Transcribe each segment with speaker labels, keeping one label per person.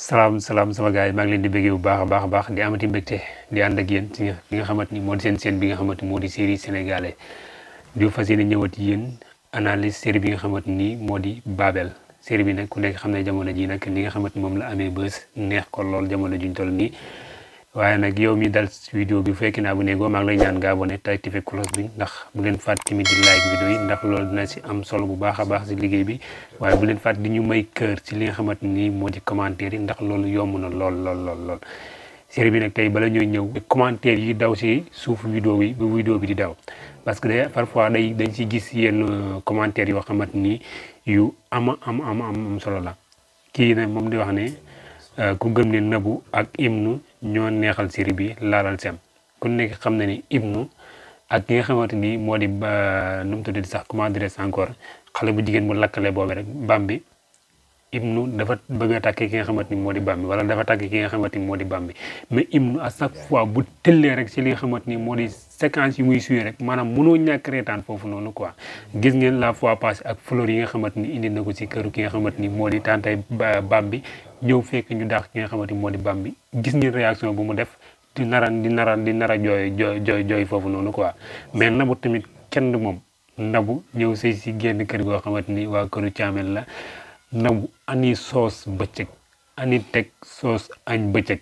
Speaker 1: salaam salaam sama gars yi maa ngi leen di bëggee bu baax a baax a baax di amati mbégte di ànd ak yéen ci li nga xamante ni moo di seen seen bi nga xamante ni moo di série sénégalais di fas yéene ñëwat yéen analyse série bi nga xamante nii moo di Babel série bi nag ku nekk xam ne jamono ji nag ni nga xamante moom la amee bës neex ko lool jamono juñ toll nii waye nak yow mi dal video bi bu ne abonné goo maa lay ñaan nga abonné tay activé cloche bi ndax bu len fat timi di like video yi ndax lool dina si am solo bu baaxa baax ci liggéey bi waye bu len fat di ñu may cœur ci li nga xamanteni ni di commentaire yi ndax lool yomb na lool lool lool lool série bi nak tay bala ñoy ñew commentaire yi daw si suuf video bi bu video bi di daw parce que parfois day dañ ci gis yeen euh, commentaire yo xamanteni ni yu ama am am am solo la ki nag mom di wax ne Euh, ku gëm ne nabu ak ibnu ñoo neexal siri bi laalal sem ku nekk xam na ni ibnu ak ki nga xamante ni moo di nu mu tuddati sax comment dirais encore xale bu jigéen bu lakkale boobu rek bambi ibnu dafa bëgg a tàkkee ki nga xamante ni moo di bambi wala dafa tàkkee ki nga xamante ni moo di bambi mais ibnu à chaque fois bu tëllee rek ci li nga xamante ni moo di séquence yi muy suy rek maanaam mënoo ñàkk reetaan foofu noonu quoi gis ngeen la fois passée ak fleur yi nga xamante ni indi na ko ci këru ki nga xamante ni moo di tantay bambi ñew fekk ñu dax ki nga xamanteni moo di Bambi gis ngeen réaction bu mu def di naran di naran di nara jooy jooy jooy jooy foofu noonu quoi mais nabu tamit kenn moom nabu ñëw sëy si génn kër goo xamanteni ni waa këru caamel la nabu ani soos bëccëg ani teg soos añ bëccëg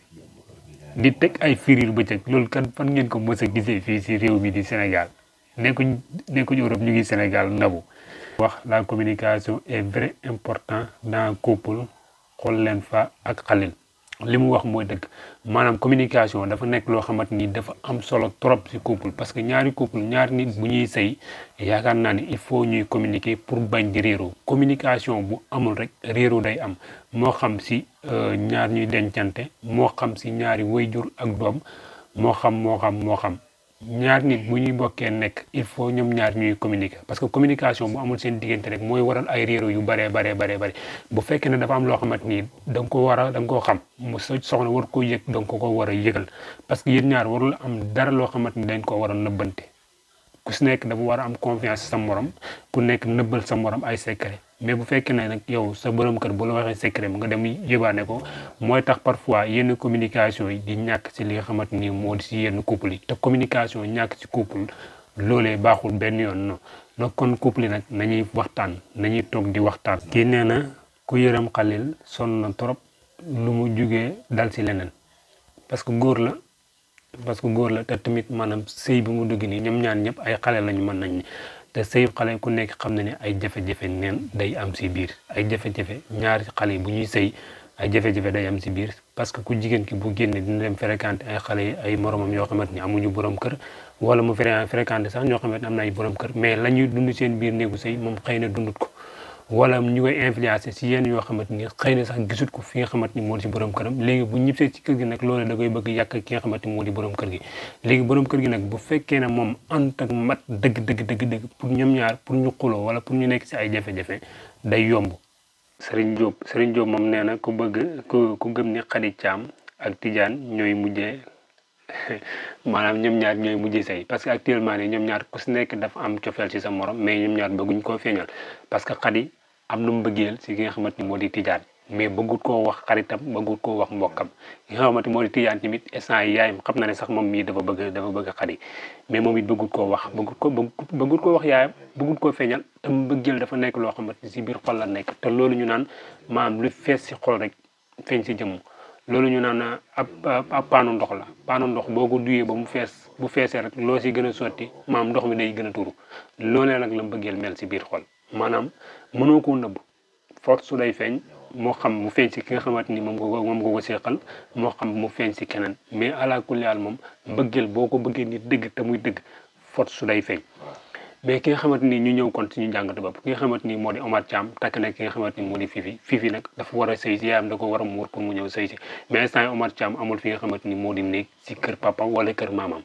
Speaker 1: di teg ay firir bëccëg loolu kan fan ngeen ko mos a gisee fii si réew mi di Sénégal nekkuñ nekkuñ Europe ñu ngi Sénégal nabu wax la communication est vrai important dans couple xool leen fa ak xalil li mu wax mooy dëgg maanaam communication dafa nekk loo xamante ni dafa am solo trop si couple parce que ñaari couple ñaari nit bu ñuy say yaakaar naa ne il faut ñuy communiquer pour bañ di réeroo communication bu amul rek réeroo day am moo xam ci euh, ñaar ñuy dencante moo xam si ñaari wayjur ak doom moo xam moo xam moo xam ñaar nit bu ñuy bokkee nekk il faut ñoom ñaar ñuy communiquer parce que communication bu amul seen diggante rek mooy waral ay réero yu baree bare baree bëri bu fekkee ne dafa am loo xamante ni da ko war a da koo xam mu sa soxna war ko yëg da nga ko ko a yëgal parce que yéen ñaar warul am dara loo ni dañ ko war a nëbbante ku si nekk dafa war a am confiance sa morom ku nekk nëbbal sa morom ay secret mais bu fekkee né nak yow sa borom kër bu lo waxé secret nga dem yébané ko moy tax parfois yenn communication di ñak ci li nga xamante ni moo di ci yenn couple té communication ñak ci couple lolé baxul ben yoon no no kon couple nak nañuy waxtaan nañuy tok di waxtaan. ki nee na ku yërem xalil son na torop lu mu juggé dal ci lénen parce que goor la parce que goor la té tamit manam sey bu mu dugg ni ñoom ñaan ñep ay xalé lañu mën nañ ni te sëyu xale ku nekk xam na ne ay jafe-jafe neen day am si biir ay jafe-jafe ñaari xale yi bu ñuy sëy ay jafe-jafe day am si biir parce que ku jigéen ki bu génnee dina dem fréquenté ay xale yi ay moromam yoo xamante ni amuñu borom kër wala mu fréquenté sax ñoo xamante ne am na ay borom kër mais la ñuy dund seen biir néegu sëy moom xëy na dundut ko wala ñu ngi influencer ci yeen yo xamanteni xeyna sax gisut ko fi nga xamanteni mo ci borom kërëm légui bu ñibsé ci kër gi nak loolu da koy bëgg yak ki nga xamanteni mo di borom kër gi légui borom kër gi nak bu fekkee na mom ant ak mat dëgg dëgg dëgg dëgg pour ñom ñaar pour ñu xulo wala pour ñu nekk ci ay jafé jafé day yomb sëriñ Diop sëriñ Diop mom nee ku bëgg ku ku gëm ni xadi caam ak tidiane ñoy mujjé manam ñom ñaar ñoy mujjé sey parce que actuellement ñom ñaar ku ci nekk dafa am ciofel ci sa morom mais ñom ñaar bëgguñ ko feeñal parce que xadi am lu mbeugel ci nga xamanteni modi tidiane mais bëggut ko wax xaritam bëggut ko wax mbokam nga xamanteni modi tidiane timit tamit instant yi xam na ne sax mom mi dafa bëgg dafa bëgg xari mais momit it bëggut koo wax bëggut ko bëggut ko wax yaayam bëggut ko feñal te mbeugel dafa nekk lo xamanteni ci si biir xol la nekk te lolu ñu naan maam lu fess ci xol rek feñ ci jëm lolu ñu naan ab ab paanu ndox la panu ndox boo ko ba mu fess bu fessé rek lo ci gëna soti maam ndox mi day gëna turu lolé nak la mbeugel mel ci biir xol maanaam mënoo ko nëbb force su day feeñ moo xam mu feeñ si ki nga xamante ni moom nga ko moom nga ko seexal moo xam mu feeñ si keneen mais ala kulli haal moom mbëggeel boo ko bëggee nit dëgg te muy dëgg force su day feeñ mais ki nga xamante ni ñu ñëw kon suñu jàngatu bopp ki nga xamante ni moo di Omar Thiam takk na ki nga xamante ni moo di Fifi Fifi nag dafa war a sëy si yaayam da ko war a muur pour mu ñëw sëy si mais instant yi Omar Thiam amul fi nga xamante ni moo di néeg si kër papam wala kër maamam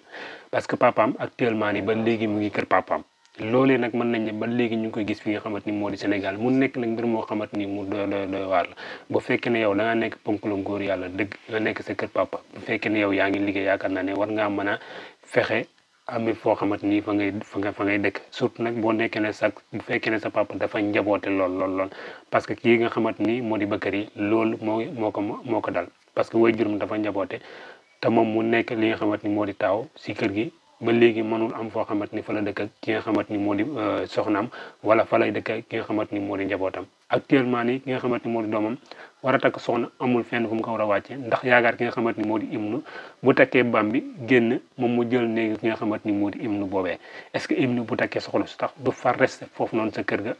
Speaker 1: parce que papam actuellement nii ba léegi mu ngi kër papam loolee nag mën nañ ne ba léegi ñu ngi koy gis fi nga xamante ni moo di Sénégal mu nekk nag mbir moo xamante ni mu doy doy doy waar la bu fekkee ne yow da nekk ponk la ngóor yàlla dëgg nga nekk sa kër papa bu fekkee ne yow yaa ngi liggéey yaakaar ne war ngaa mën a fexe amee foo xamante ni fa ngay fa nga fa ngay dëkk surtout nag boo nekkee ne sa bu fekkee ne sa papa dafa njaboote lool lool lool parce que kii nga xamante ni moo di bëkkër yi loolu moo moo ko moo ko dal parce que way jurum dafa njaboote te moom mu nekk li nga xamante ni moo di taaw si kër gi ba léegi mënul am foo xamante ni fa la dëkk ak ki nga xamante ni moo di euh, soxnaam wala fa lay dëkk ki nga xamante ni moo di njabootam actuellement ni ki nga xamante ni moo di doomam war a takk soxna amul fenn fu mu ko war a wàcce ndax yaakaar ki nga xamante ni moo di imnu bu takkee bam bi génn moom mu jël néegi ki nga ni moo di imnu boobee est-ce que imnu bu takkee soxna su tax du far reste foofu noonu sa kër ga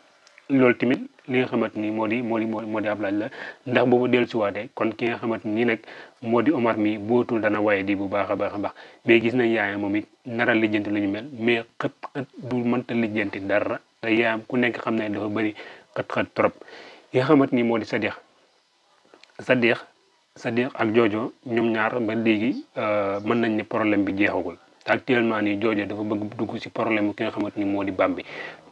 Speaker 1: loolu tamit li nga xamante ni moo di moo di moo di ab la ndax boobu dellu siwaatee kon ki nga xamante ni nag moo di Omar mi bootul dana waaye di bu baax a baax a baax mais gis nañ yaayam moom it nara lijjanti lu ñu mel mais xët xët du mënta lijjanti dara te yaayam ku nekk xam ne dafa bëri xët xët trop yi nga xamante ni moo di sa sa Sadikh sa Sadikh ak Jojo ñoom ñaar ba léegi euh, mën nañ ne problème bi jeexagul actuellement ni jojo dafa bëgg dugg ci problème ki nga xamanteni ni di Bambi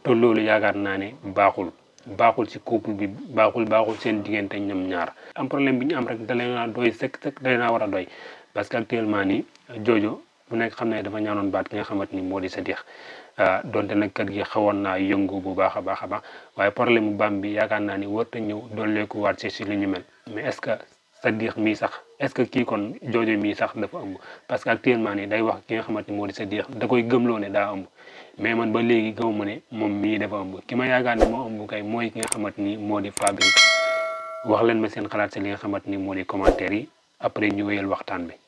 Speaker 1: to lolu yaakar naa ne baxul baaxul si couple bi baxul baxul seen digënté ñam ñaar. am problème bi ñu am rek da lay na doy sek sek da lay na wara doy parce que actuellement ni jojo bu nek xamne dafa ñaanon baat ki nga xamanteni ni moo di Sadikh ah, donte nag kër gi xawon na yëngu bu baaxa baaxa ba waye problème Bambi yaakar naa ni ñew ñëw ko waat ci ci li ñu mel mais est-ce que. sadiq mii sax est-ce que kii kon joojo mii sax dafa ëmb parce que actuellement nii day wax ki nga xamante ni moo di sadiq da koy gëmloo ne daa ëmb mais man ba léegi gëmu ma ne moom mii dafa ëmb ki ma yaakaar ne moo ëmb kay mooy ki nga xamante ni moo di Fabrice wax leen ma seen xalaat si li nga xamante ni moo di commentaire yi après ñu wéyal waxtaan bi